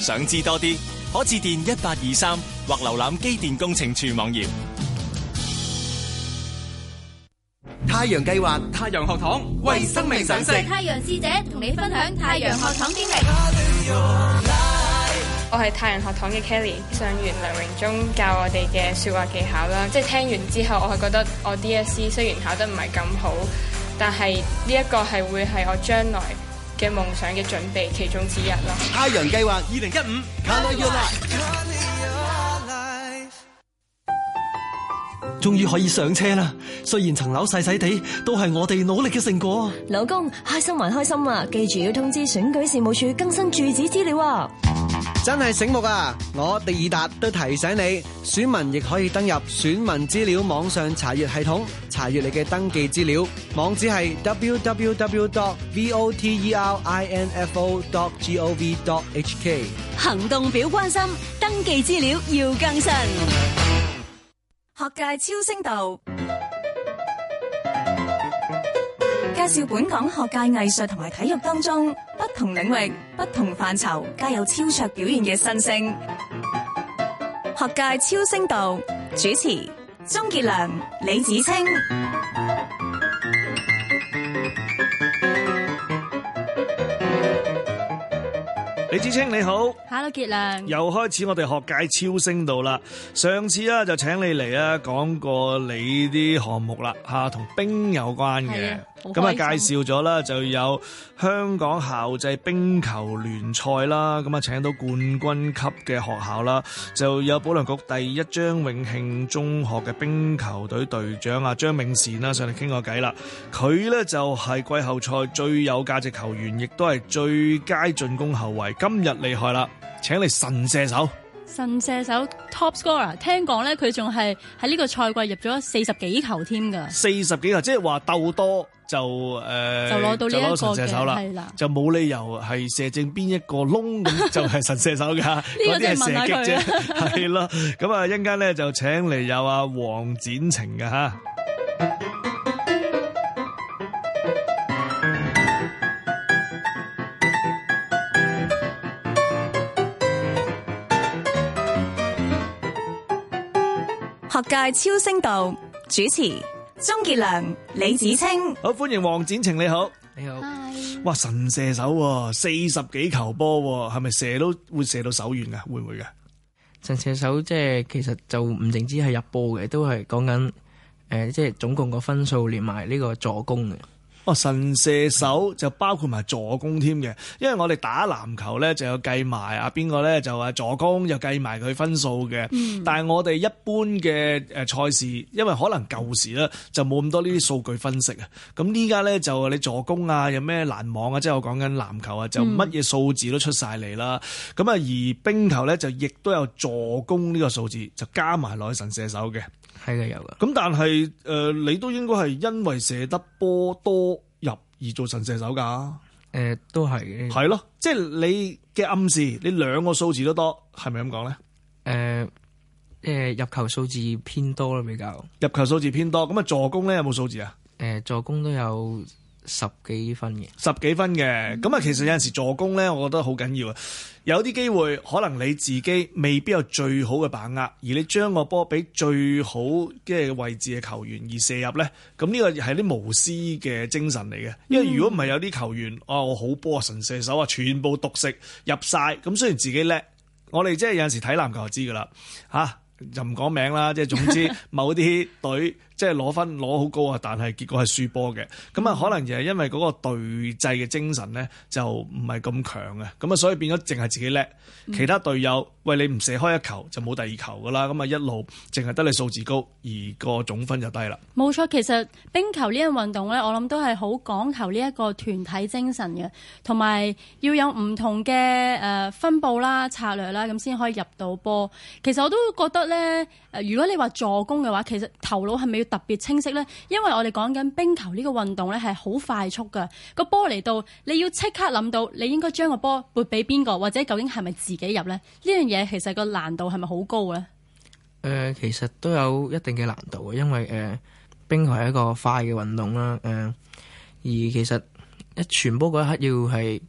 想知多啲，可致電一八二三或瀏覽機電工程處網頁。太陽計劃太陽學堂為生命想識。太陽師姐同你分享太陽學堂經歷。我係太陽學堂嘅 Kelly，上完梁榮忠教我哋嘅說話技巧啦，即係聽完之後，我係覺得我 DSC 雖然考得唔係咁好，但係呢一個係會係我將來。嘅夢嘅準備其中之一啦。太陽計劃二零一五，Colour your life。終於可以上車啦！雖然層樓細細地，都係我哋努力嘅成果。老公，開心還開心啊！記住要通知選舉事務處更新住址資料啊！真係醒目啊！我狄爾達都提醒你，選民亦可以登入選民資料網上查閱系統，查閱你嘅登記資料。網址係 www.voterinfo.gov.hk。行動表關心，登記資料要更新。學界超聲道。介紹本港學界藝術同埋體育當中不同領域、不同範疇皆有超卓表現嘅新星。學界超聲道主持，鍾傑良、李芷菁。李芷菁你好，Hello 傑良，又開始我哋學界超聲道啦。上次啦就請你嚟啊，講過你啲項目啦，吓，同冰有關嘅。咁啊，介紹咗啦，就有香港校際冰球聯賽啦，咁啊請到冠軍級嘅學校啦，就有保良局第一張永慶中學嘅冰球隊隊長啊黃展程啦上嚟傾個偈啦，佢咧就係、是、季後賽最有價值球員，亦都係最佳進攻後衛，今日厲害啦！請嚟神射手，神射手 Top scorer、啊、聽講咧佢仲係喺呢個賽季入咗四十幾球添㗎，四十幾球即係話鬥多。就誒，攞到呢一個嘅，就攞神射手啦，係啦，就冇理由係射正邊一個窿咁，就係神射手噶。嗰啲係射擊啫，係咯。 咁啊， 一陣間咧就請嚟有阿黃展程嘅吓。 學界超聲道主持。鍾傑良、李芷菁，好歡迎黃展程，你好，你好，Hi. 哇，神射手、啊，四十幾球波，啊，係咪射到會射到手軟㗎？會唔會㗎？神射手即、就、係、是，其實就唔淨止係入波嘅，都係講緊誒，即、呃、係、就是、總共個分數連埋呢個助攻嘅。哦，神射手就包括埋助攻添嘅，因為我哋打籃球咧就有計埋啊邊個咧就話助攻又計埋佢分數嘅。嗯、但係我哋一般嘅誒賽事，因為可能舊時咧，就冇咁多呢啲數據分析啊。咁依家咧就你助攻啊，有咩籃網啊，即係我講緊籃球啊，就乜嘢數字都出晒嚟啦。咁啊、嗯，而冰球咧就亦都有助攻呢個數字，就加埋落去神射手嘅。係嘅，有噶。咁但係，誒，你都應該係因為射得波多入而做神射手噶。誒，都係嘅。係咯，即係你嘅暗示，你兩個數字都多，係咪咁講咧？誒，誒，入球數字偏多啦，比較。入球數字偏多，咁啊，助攻咧有冇數字啊？誒，助攻都有。十幾分嘅，十幾分嘅，咁啊，其實有陣時助攻呢，我覺得好緊要啊。有啲機會可能你自己未必有最好嘅把握，而你將個波俾最好嘅位置嘅球員而射入呢。咁呢個係啲無私嘅精神嚟嘅。因為如果唔係有啲球員啊、嗯哦，我好波神射手啊，全部獨食入晒。咁雖然自己叻，我哋即係有陣時睇籃球就知㗎啦，嚇、啊、就唔講名啦，即係總之某啲隊。 即係攞分攞好高啊，但係結果係輸波嘅。咁啊，可能就係因為嗰個隊制嘅精神呢，就唔係咁強嘅。咁啊，所以變咗淨係自己叻，其他隊友喂，你唔射開一球就冇第二球噶啦。咁啊，一路淨係得你數字高，而個總分就低啦。冇錯，其實冰球呢樣運動呢，我諗都係好講求呢一個團體精神嘅，同埋要有唔同嘅誒分佈啦、策略啦，咁先可以入到波。其實我都覺得呢，誒如果你話助攻嘅話，其實頭腦係咪，特別清晰呢，因為我哋講緊冰球呢個運動呢係好快速噶個波嚟到，你要即刻諗到你應該將個波撥俾邊個，或者究竟係咪自己入呢？呢樣嘢其實個難度係咪好高呢？誒、呃，其實都有一定嘅難度嘅，因為誒、呃、冰球係一個快嘅運動啦。誒、呃，而其實一傳波嗰一刻要係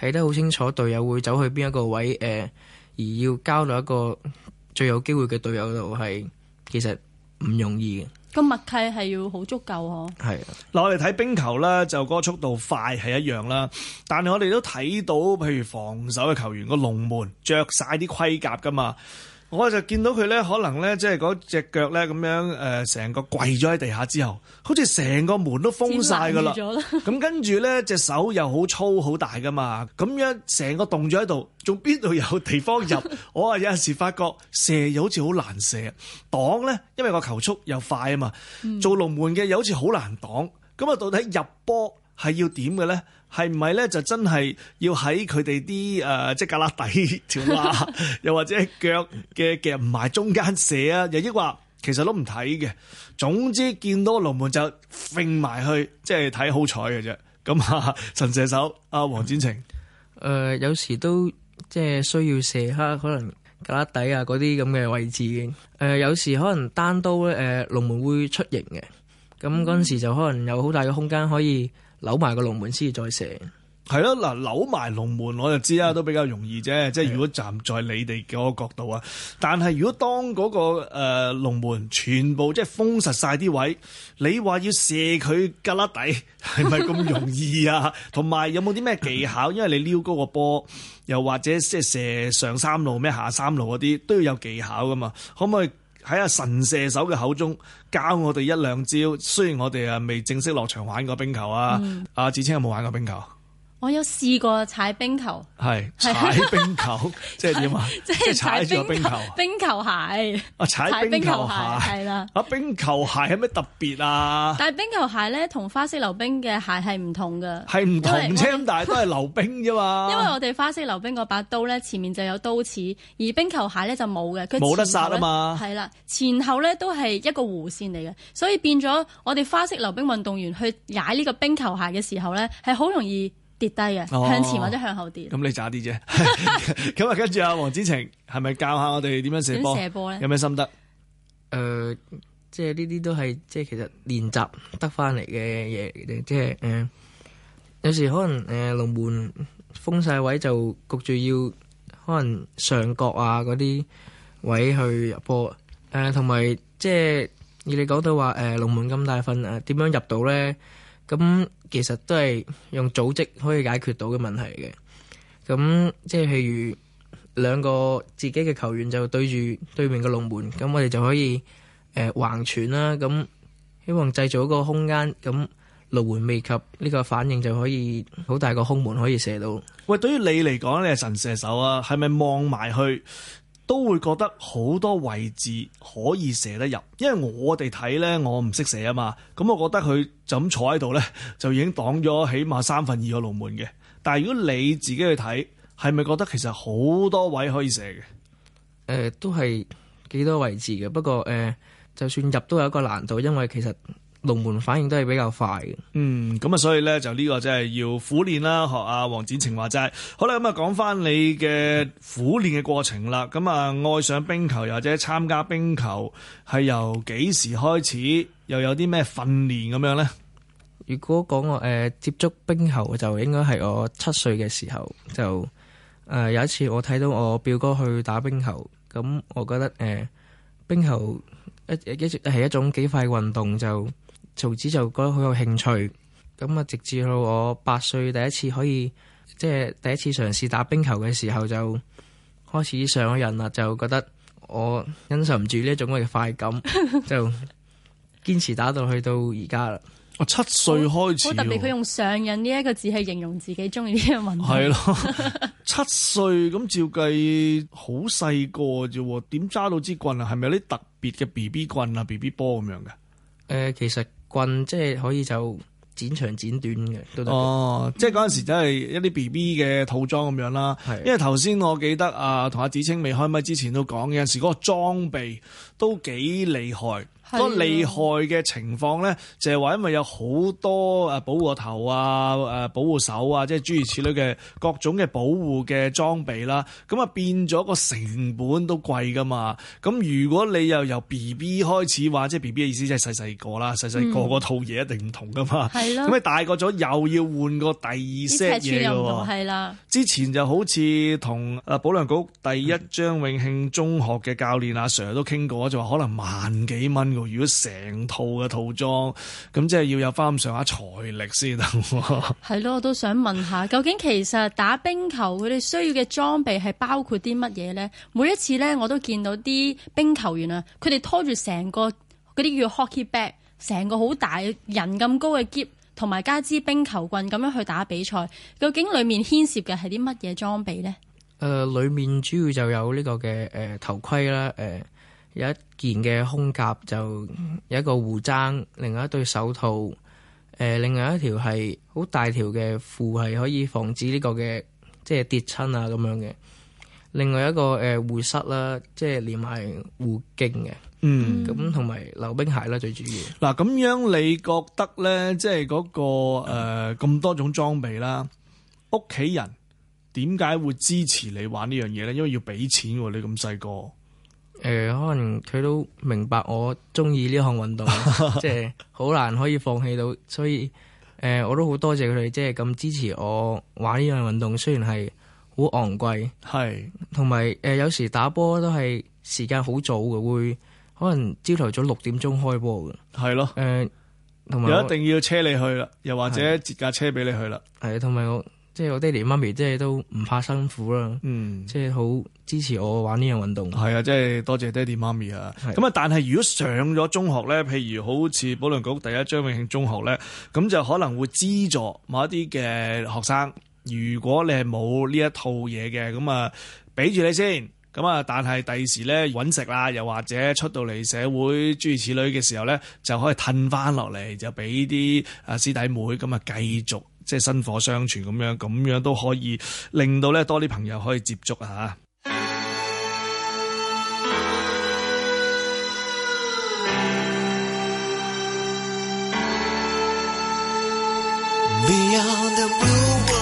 睇得好清楚，隊友會走去邊一個位誒、呃，而要交到一個最有機會嘅隊友度，係其實唔容易嘅。個默契係要好足夠嗬，係嗱的 我哋睇冰球咧就嗰個速度快係一樣啦，但係我哋都睇到，譬如防守嘅球員個龍門着晒啲盔甲噶嘛。我就見到佢咧，可能咧即係嗰隻腳咧咁樣誒，成個跪咗喺地下之後，好似成個門都封晒噶啦。咁 跟住咧隻手又好粗好大噶嘛，咁樣成個動咗喺度，仲邊度有地方入？ 我啊有陣時發覺射又好似好難射，擋咧因為個球速又快啊嘛。做龍門嘅又好似好難擋，咁啊、嗯、到底入波？係要點嘅咧？係唔係咧？就真係要喺佢哋啲誒，即係格拉底條罅，又或者腳嘅嘅唔埋中間射啊？又抑或其實都唔睇嘅。總之見到龍門就揈埋去，即係睇好彩嘅啫。咁啊，神射手阿黃、啊、展程誒、嗯呃，有時都即係需要射下可能格拉底啊嗰啲咁嘅位置嘅誒、呃，有時可能單刀咧，誒、呃、龍門會出營嘅，咁嗰陣時就可能有好大嘅空間可以。扭埋個龍門先至再射，嗯，係咯嗱，扭埋龍門我就知啊，都比較容易啫。即係、嗯、如果站在你哋嗰個角度啊，嗯、但係如果當嗰、嗰個誒龍、呃、門全部即係封實晒啲位，你話要射佢吉拉底，係咪咁容易啊？同埋 有冇啲咩技巧？因為你撩嗰個波，又或者即係射上三路咩下三路嗰啲，都要有技巧噶嘛？可唔可以？喺阿神射手嘅口中教我哋一兩招，雖然我哋啊未正式落場玩過冰球、嗯、啊，阿芷菁有冇玩過冰球？我有試過踩冰球，係踩冰球，吧即係點啊？即係踩住冰球，冰球鞋啊！踩冰球鞋係啦，吧啊！冰球鞋係咩特別啊？但係冰球鞋咧，同花式溜冰嘅鞋係唔同嘅，係唔同啫。但係都係溜冰啫嘛。因為我哋花式溜冰嗰把刀咧，前面就有刀齒，而冰球鞋咧就冇嘅，佢冇得殺啊嘛。係啦，前後咧都係一個弧線嚟嘅，所以變咗我哋花式溜冰運動員去踩呢個冰球鞋嘅時候咧，係好容易跌低啊！向前或者向後跌，咁你渣啲啫。咁啊，跟住阿，黃展程係咪教下我哋點樣射波？點射波咧？有咩心得？誒，即係呢啲都係即係其實練習得翻嚟嘅嘢，即係誒，有時可能誒龍門封晒位就焗住要可能上角啊嗰啲位去入波。誒，同埋即係以你講到話誒龍門咁大份誒，點樣入到咧？咁。其實都係用組織可以解決到嘅問題嘅，咁即係譬如兩個自己嘅球員就對住對面嘅龍門，咁我哋就可以誒、呃、橫傳啦，咁希望製造一個空間，咁龍門未及呢個反應就可以好大個空門可以射到。喂，對於你嚟講，你係神射手啊，係咪望埋去？都會覺得好多位置可以射得入，因為我哋睇呢，我唔識射啊嘛。咁我覺得佢就咁坐喺度呢，就已經擋咗起碼三分二個龍門嘅。但係如果你自己去睇，係咪覺得其實好多位可以射嘅、呃？都係幾多位置嘅。不過誒、呃，就算入都有一個難度，因為其實。龍門反應都係比較快嘅，嗯，咁啊，所以咧就呢個真係要苦練啦。學阿、啊、黃展程話齋，好啦，咁、嗯、啊，講翻你嘅苦練嘅過程啦。咁啊，愛上冰球又或者參加冰球係由幾時開始，又有啲咩訓練咁樣呢？如果講我誒、呃、接觸冰球，就應該係我七歲嘅時候，就誒有一次我睇到我表哥去打冰球，咁我覺得誒、呃、冰球一一直係一種幾快運動就。曹子就覺得好有興趣，咁啊直至到我八歲第一次可以即係第一次嘗試打冰球嘅時候就開始上癮啦，就覺得我忍受唔住呢一種嘅快感， 就堅持打到去到而家啦。我、哦、七歲開始，我特別，佢用上癮呢一個字去形容自己中意呢個運動。係咯的， 七歲咁照計好細個啫，點揸到支棍啊？係咪有啲特別嘅 BB 棍啊、BB 波咁樣嘅？誒、呃，其實。棍即係可以就剪長剪短嘅，都得。哦，嗯、即係嗰陣時真係一啲 B B 嘅套裝咁樣啦。係的，因為頭先我記得啊，同阿芷菁未開咪之前都講，有陣時嗰個裝備都幾厲害。多厲害嘅情況咧，就係話因為有好多誒保護頭啊、誒保護手啊，即係諸如此類嘅各種嘅保護嘅裝備啦，咁啊變咗個成本都貴噶嘛。咁如果你又由 B B 開始話，即係 B B 嘅意思即係細細個啦，細細、嗯、個套嘢一定唔同噶嘛。係啦，咁啊大個咗又要換個第二 set 嘢㗎喎。係啦。之前就好似同誒保良局第一張永慶中學嘅教練阿、嗯啊嗯、Sir 都傾過，就話可能萬幾蚊如果成套嘅套裝，咁即係要有翻上下財力先，啊。 得係咯，我都想問下，究竟其實打冰球佢哋需要嘅裝備係包括啲乜嘢咧？每一次咧，我都見到啲冰球員啊，佢哋拖住成個嗰啲叫 hockey bag，成個好大人咁高嘅篋同埋加支冰球棍咁樣去打比賽。究竟裏面牽涉嘅係啲乜嘢裝備咧？誒、呃，裏面主要就有呢個嘅誒、呃、頭盔啦，誒、呃。有一件嘅胸甲，就有一個護踭，另外一對手套，誒、呃，另外一條係好大條嘅褲，係可以防止呢個嘅即係跌親啊咁樣嘅。另外一個誒護膝啦，即係連埋護脛嘅。嗯，咁同埋溜冰鞋啦，最主要。嗱，咁樣你覺得咧，即係嗰、那個誒咁、呃、多種裝備啦，屋企人點解會支持你玩呢樣嘢咧？因為要俾錢喎，你咁細個。誒、呃，可能佢都明白我中意呢項運動， 即係好難可以放棄到，所以誒、呃，我都好多謝佢哋，即係咁支持我玩呢樣運動。雖然係好昂貴，係同埋誒，有時打波都係時間好早嘅，會可能朝頭早六點鐘開波嘅，係咯的，誒、呃，又一定要車你去啦，又或者截架車俾你去啦，係同埋我。即係我爹哋媽咪，即係都唔怕辛苦啦。嗯，即係好支持我玩呢樣運動。係啊，即係多謝爹哋媽咪啊。係咁啊，但係如果上咗中學咧，譬如好似保良局第一張永慶中學咧，咁就可能會資助某一啲嘅學生。如果你係冇呢一套嘢嘅，咁啊俾住你先。咁啊，但係第時咧揾食啦，又或者出到嚟社會諸如此類嘅時候咧，就可以褪翻落嚟，就俾啲啊師弟妹咁啊繼續。即係薪火相傳咁樣，咁樣都可以令到咧多啲朋友可以接觸吓。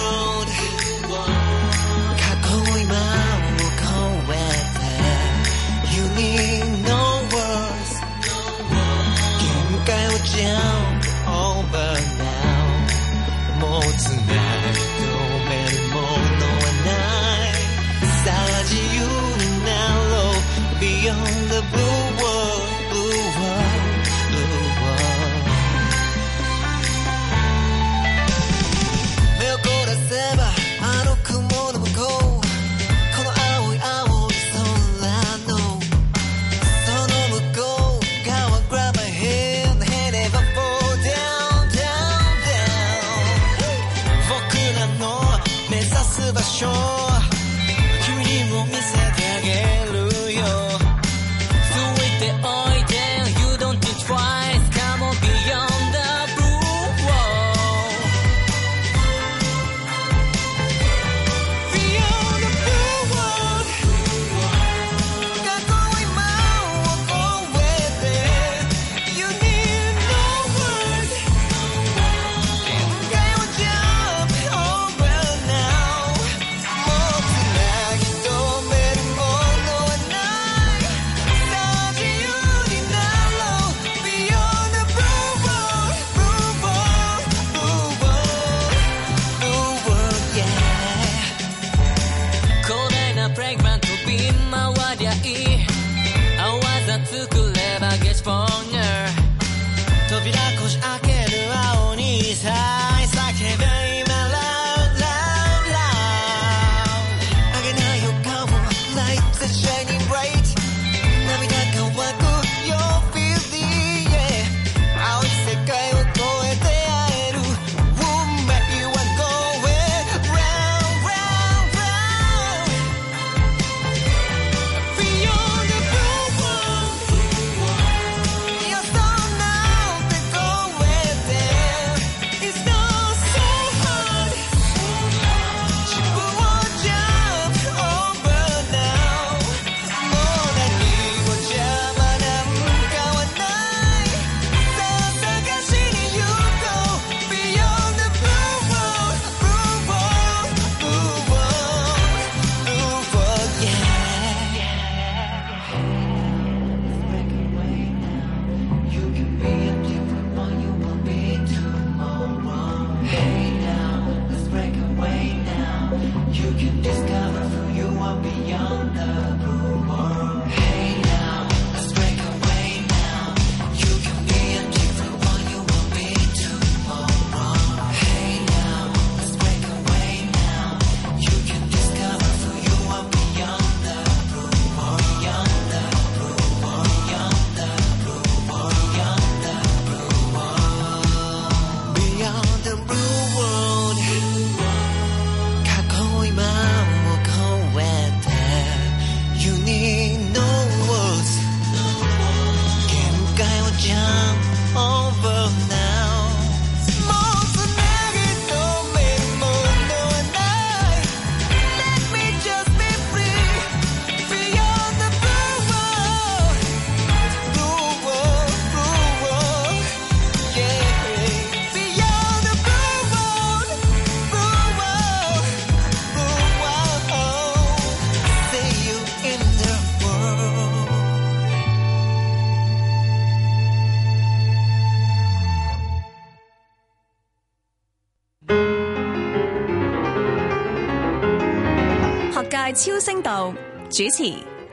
超聲道主持：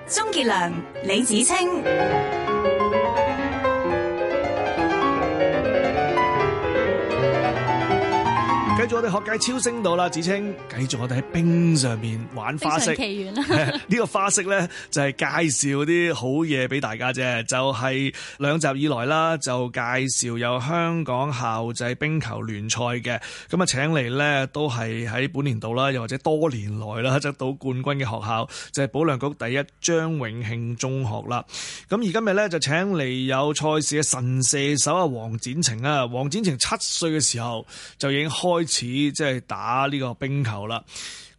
鍾杰良、李芷菁。繼續我哋學界超升到啦，芷菁，繼續我哋喺冰上面玩花式，奇呢、 欸這個花式呢，就係、是、介紹啲好嘢俾大家啫。就係、是、兩集以來啦，就介紹有香港校際冰球聯賽嘅。咁啊請嚟呢，都係喺本年度啦，又或者多年來啦，得、就是、到冠軍嘅學校就係、是、保良局第一張永慶中學啦。咁而今日呢，就請嚟有賽事嘅神射手啊，黃展程啊。黃展程七歲嘅時候就已經開似即係打呢個冰球啦，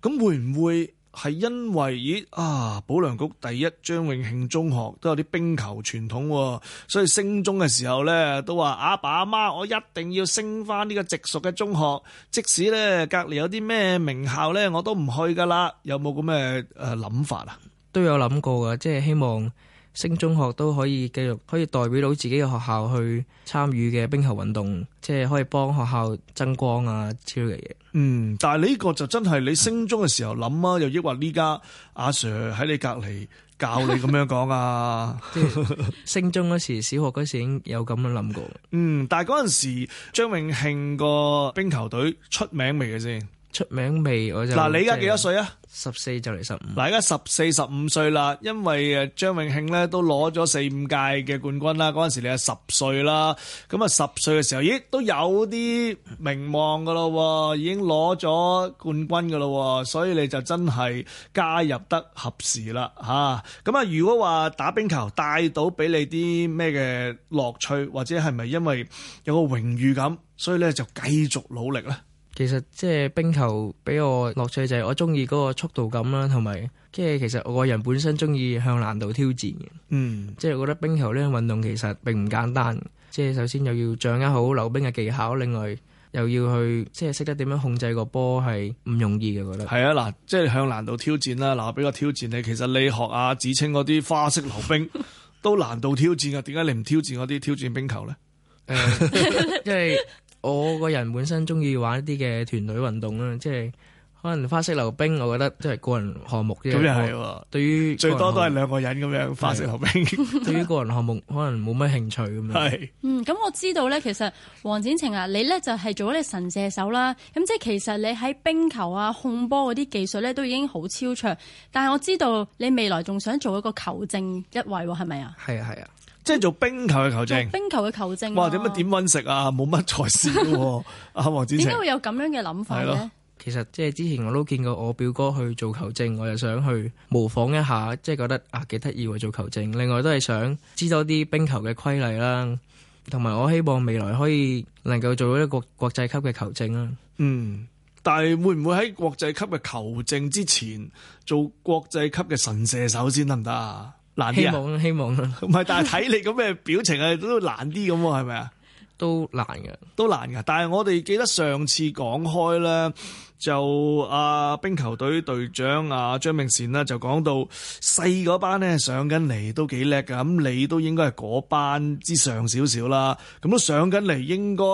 咁會唔會係因為咦？啊保良局第一張永慶中學都有啲冰球傳統喎，所以升中嘅時候咧都話阿爸阿媽，我一定要升翻呢個直屬嘅中學，即使咧隔籬有啲咩名校咧，我都唔去噶啦。有冇咁嘅誒諗法啊？都有諗過噶，即係希望。升中學都可以繼續可以代表到自己嘅學校去參與嘅冰球運動，即係可以幫學校增光啊之類嘅嘢。嗯，但係呢個就真係你升中嘅時候諗啊，又抑或呢家阿 Sir 喺你隔籬教你咁樣講啊、 就是。升中嗰時，小學嗰時已經有咁樣諗過。嗯，但係嗰陣時張永慶個冰球隊出名未嘅先？出名未？我嗱，你而家幾多歲啊？十四就嚟十五。嗱，而家十四十五歲啦，因為誒張永慶咧都攞咗四五屆嘅冠軍啦。嗰陣時你係十歲啦，咁啊十歲嘅時候，咦都有啲名望噶咯，已經攞咗冠軍噶咯，所以你就真係加入得合時啦，吓。咁啊，如果話打冰球帶到俾你啲咩嘅樂趣，或者係咪因為有個榮譽感，所以咧就繼續努力咧？其實即係冰球俾我樂趣就係我中意嗰個速度感啦，同埋即係其實我個人本身中意向難度挑戰嘅。嗯，即係我覺得冰球呢樣運動其實並唔簡單，即係首先又要掌握好溜冰嘅技巧，另外又要去即係識得點樣控制個波係唔容易嘅。我覺得係啊，嗱，即係向難度挑戰啦，嗱，我俾個挑戰你。其實你學阿芷菁嗰啲花式溜冰都難度挑戰嘅，點解你唔挑戰嗰啲挑戰冰球咧？因為我個人本身中意玩一啲嘅團隊運動啦，即係可能花式溜冰，我覺得都係個人項目，、啊、目。咁又係，對於最多都係兩個人咁樣花式溜冰，對， 對於個人項目可能冇乜興趣咁樣。係對，嗯，咁我知道咧，其實黃展晴啊，你咧就係、是、做咗你神射手啦。咁即係其實你喺冰球啊控波嗰啲技術咧，都已經好超卓。但係我知道你未來仲想做一個球證一位，係咪啊？係啊，係啊。即係做冰球嘅球證，冰球嘅球證，哇！點乜點揾食啊？冇乜財少喎，阿黃、 啊、展程，點解會有咁樣嘅諗法咧？其實即係之前我都見過我表哥去做球證，我又想去模仿一下，即、就、係、是、覺得啊幾得意喎做球證。另外都係想知多啲冰球嘅規例啦，同埋我希望未來可以能夠做到一個國際級嘅球證啦、啊。嗯，但係會唔會喺國際級嘅球證之前做國際級嘅神射手先得唔得啊？行難啲希望，希望，唔係，但係睇你咁嘅表情啊， 都難啲咁喎，係咪啊？都難嘅，都難嘅。但係我哋記得上次講開咧，就阿、啊、冰球隊隊長阿張、啊、明善咧就講到細嗰班咧上緊嚟都幾叻嘅，咁你都應該係嗰班之上少少啦。咁都上緊嚟，應該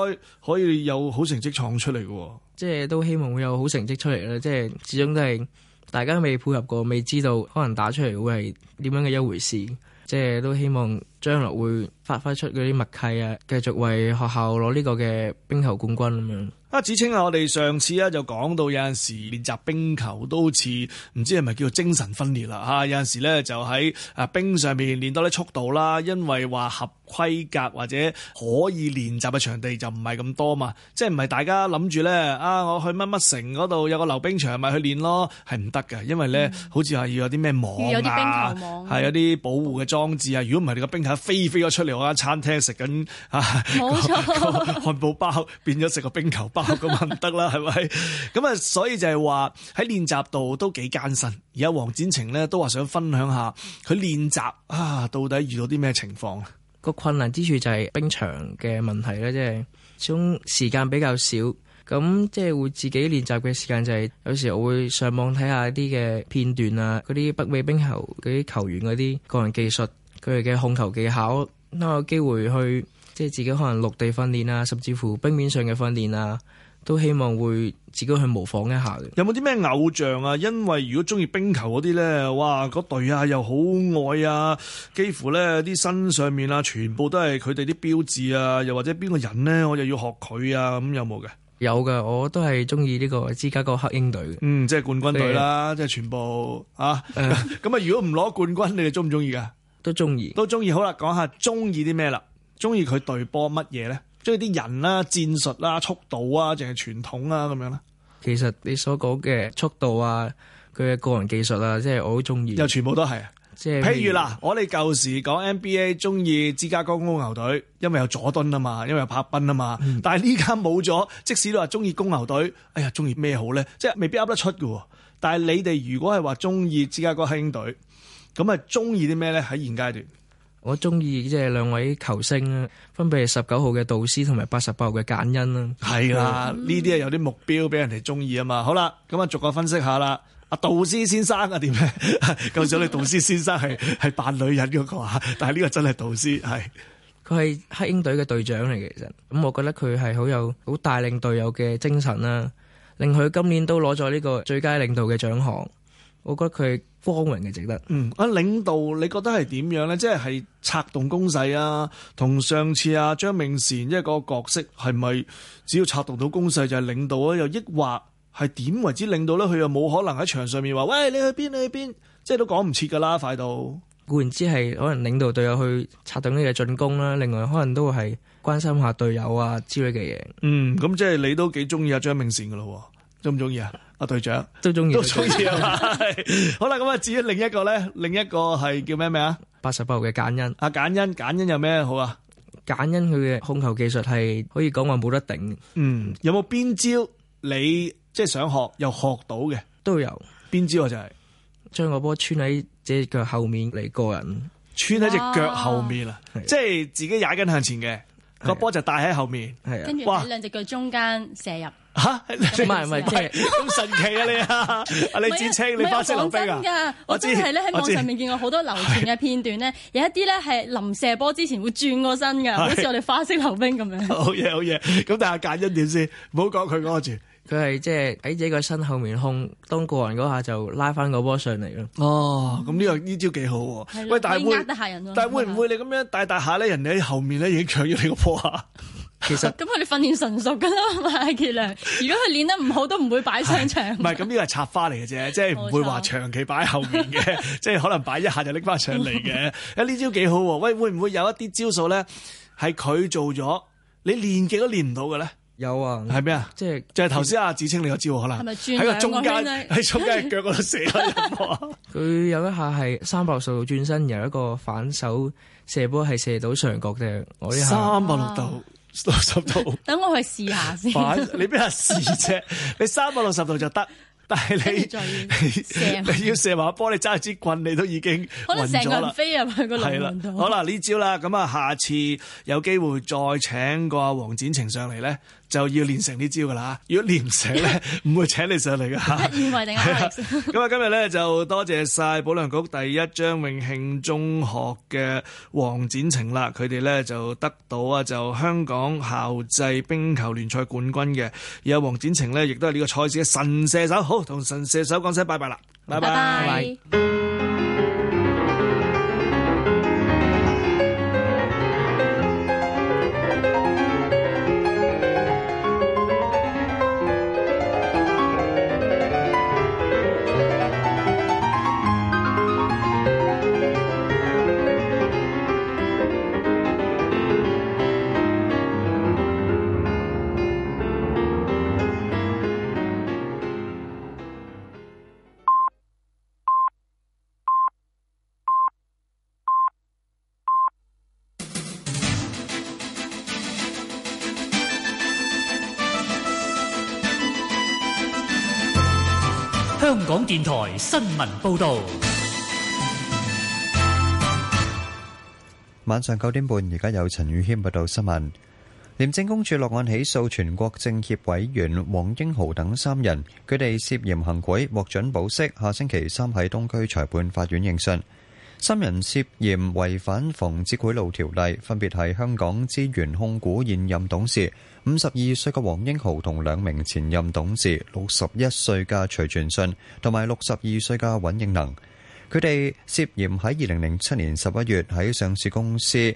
可以有好成績創出嚟嘅。即係都希望會有好成績出嚟啦。即係始終都係。大家都未配合過，未知道可能打出嚟會係點樣嘅一回事，即係都希望將來會發揮出嗰啲默契啊，繼續為學校攞呢個嘅冰球冠軍咁樣啊，子清啊，我哋上次啊就講到有陣時練習冰球都好似唔知係咪叫做精神分裂啦吓，啊，有陣時咧就喺啊冰上面練多啲速度啦，因為話合。規格或者可以練習嘅場地就唔係咁多嘛，即係唔係大家諗住咧啊，我去乜乜城嗰度有個溜冰場，咪去練咯，係唔得㗎，因為咧、嗯、好似係要有啲咩網啊，係有啲、啊、保護嘅裝置啊。如果唔係，你個冰球飛飛咗出嚟，我間餐廳食緊冇錯漢堡包變咗食個冰球包，咁啊唔得啦，係咪咁啊？ 所以就係話喺練習度都幾艱辛。而家黃展程咧都話想分享下佢練習啊，到底遇到啲咩情況。個困難之處就係冰場嘅問題啦，即係始終時間比較少，咁即係會自己練習嘅時間就係、是、有時我會上網睇下啲嘅片段啊，嗰啲北美冰球嗰啲球員嗰啲個人技術，佢哋嘅控球技巧，都有機會去即係自己可能陸地訓練啊，甚至乎冰面上嘅訓練啊。都希望會自己去模仿一下嘅。有冇啲咩偶像啊？因為如果中意冰球嗰啲咧，哇，嗰隊啊又好愛啊，幾乎咧啲身上面啊，全部都係佢哋啲標誌啊，又或者邊個人咧，我就要學佢啊，咁有冇嘅？有噶，我都係中意呢個芝加哥黑鷹隊嘅。嗯，即係冠軍隊啦，啊、即係全部啊。咁啊，如果唔攞冠軍，你哋中唔中意噶？都中意，都中意。好啦，講下中意啲咩啦？中意佢隊波乜嘢咧？中意啲人啦、啊、戰術啦、啊、速度啊，淨係傳統啊咁樣啦。其實你所講嘅速度啊，佢嘅個人技術啊，即係我好中意。又全部都係、啊，即係譬如嗱，我哋舊時講 NBA，中意芝加哥公牛隊，因為有佐敦啊嘛，因為有帕賓啊嘛。嗯、但係依家冇咗，即使你話中意公牛隊，哎呀，中意咩好咧？即係未必噏得出嘅。但係你哋如果係話中意芝加哥黑鷹隊，咁啊，中意啲咩咧？喺現階段？我中意即係兩位球星分別係十九號嘅導師同埋八十八號嘅簡恩啦。係啊，呢啲係有啲目標俾人哋中意啊嘛。好啦，咁啊逐個分析下啦。阿、啊、導師先生啊，點咧？夠 想你導師先生係係 扮女人嗰個啊？但係呢個真係導師，係佢係黑鷹隊嘅隊長嚟嘅。其實咁，我覺得佢係好有好帶領隊友嘅精神啦、啊，令佢今年都攞咗呢個最佳領導嘅獎項。我覺得佢係光榮嘅值得。嗯，啊領導你覺得係點樣咧？即係係策動攻勢啊，同上次啊張明善即係個角色係咪只要策動到攻勢就係領導啊？又抑或係點為之領導咧？佢又冇可能喺場上面話喂，你去邊你去邊，即係都講唔切噶啦，快到。固然之係可能領導隊友去策動呢嘅進攻啦、啊，另外可能都會係關心下隊友啊之類嘅嘢。嗯，咁即係你都幾中意阿張明善噶咯？中唔中意啊？阿隊長都中意，都中意啊！ 好啦，咁啊至於另一個咧，另一個係叫咩名啊？八十八號嘅簡恩，阿、啊、簡恩，簡恩有咩好啊？簡恩佢嘅控球技術係可以講話冇得頂。嗯，有冇邊招你即係想學又學到嘅？都有邊招？啊？就係將個波穿喺隻腳後面嚟過人，穿喺隻腳後面啊！即係、哦、自己踩緊向前嘅個波就帶喺後面，係的跟住喺兩隻腳中間射入。吓？唔係唔係，咁神奇啊你啊？阿李芷菁，你花式溜冰啊？講真噶！我真係咧喺網上面見過好多流傳嘅片段咧，有一啲咧係臨射波之前會轉個身噶，好似我哋花式溜冰咁樣。好嘢好嘢！咁大係揀一啲先，唔好講佢安住。佢係即係喺自己個身後面空，當過人嗰下就拉翻個波上嚟咯。哦，咁呢個呢招幾好。喂，呃得吓人，但係會唔會你咁樣大大下咧？人哋喺後面咧已經搶咗你個波下？其實咁佢哋訓練純熟噶啦，係咪阿傑良？如果佢練得唔好，都唔會擺上場。唔係，咁呢個係插花嚟嘅啫，即係唔會話長期擺喺後面嘅，即係可能擺一下就拎翻上嚟嘅。啊，呢招幾好。喂，會唔會有一啲招數咧，係佢做咗，你練極都練唔到嘅咧？有啊。係咩啊？即係就係頭先阿芷菁你個招可能係咪轉喺個中間喺中間腳嗰度射。佢有一下係三百六十度轉身，有一個反手射波係射到上角嘅。我呢下三百六度。六十度， 等我去試下先。 你邊度試啫？你三百六十度就得，但係你 你要射埋個幫，你揸支棍，你都已經暈咗啦。可能成個人飛入去個度。係啦，好啦，呢招啦，咁啊，下次有機會再請個阿黃展程上嚟咧。就要練成呢招噶啦，如果練唔成咧，唔 會請你上嚟噶吓。一言為定。咁啊，今日咧就多謝晒保良局第一張永慶中學嘅黃展晴啦，佢哋咧就得到啊就香港校際冰球聯賽冠軍嘅，而阿黃展程咧亦都係呢個賽事嘅神射手，好，同神射手講聲拜拜啦，拜拜。新聞報道。晚上九點半，而家有陳宇謙報道新聞。廉政公署落案起訴全國政協委員黃英豪等三人，佢哋涉嫌行賄獲准保釋，下星期三喺東區裁判法院應訊。三人涉嫌違反《防止賄賂條例》，分別係香港資源控股現任董事。五十二歲嘅黃英豪同兩名前任董事，六十一歲嘅徐傳信同埋六十二歲嘅尹應能，佢哋涉嫌喺二零零七年十一月喺上市公司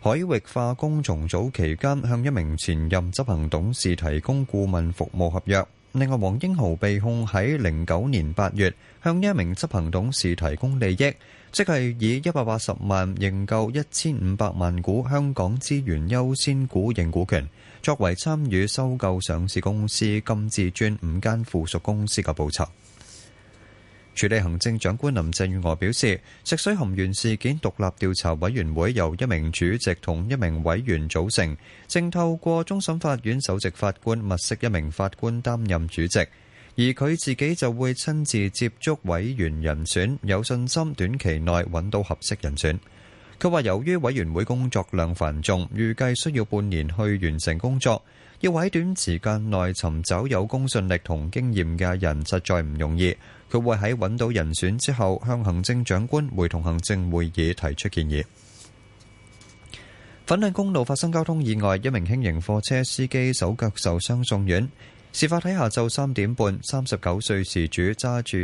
海域化工重組期間，向一名前任執行董事提供顧問服務合約。另外，黃英豪被控喺零九年八月向一名執行董事提供利益。即係以一百八十萬認購一千五百萬股香港資源優先股認股權，作為參與收購上市公司金至尊五間附屬公司嘅報酬。署理行政長官林鄭月娥表示，食水含源事件獨立調查委員會由一名主席同一名委員組成，正透過終審法院首席法官物色一名法官擔任主席。而佢自己就會親自接觸委員人選，有信心短期內揾到合適人選。佢話由於委員會工作量繁重，預計需要半年去完成工作。要喺短時間內尋找有公信力同經驗嘅人，實在唔容易。佢會喺揾到人選之後，向行政長官會同行政會議提出建議。粉嶺公路發生交通意外，一名輕型貨車司機手腳受傷送院。事發喺下晝三點半，三十九歲事主揸住。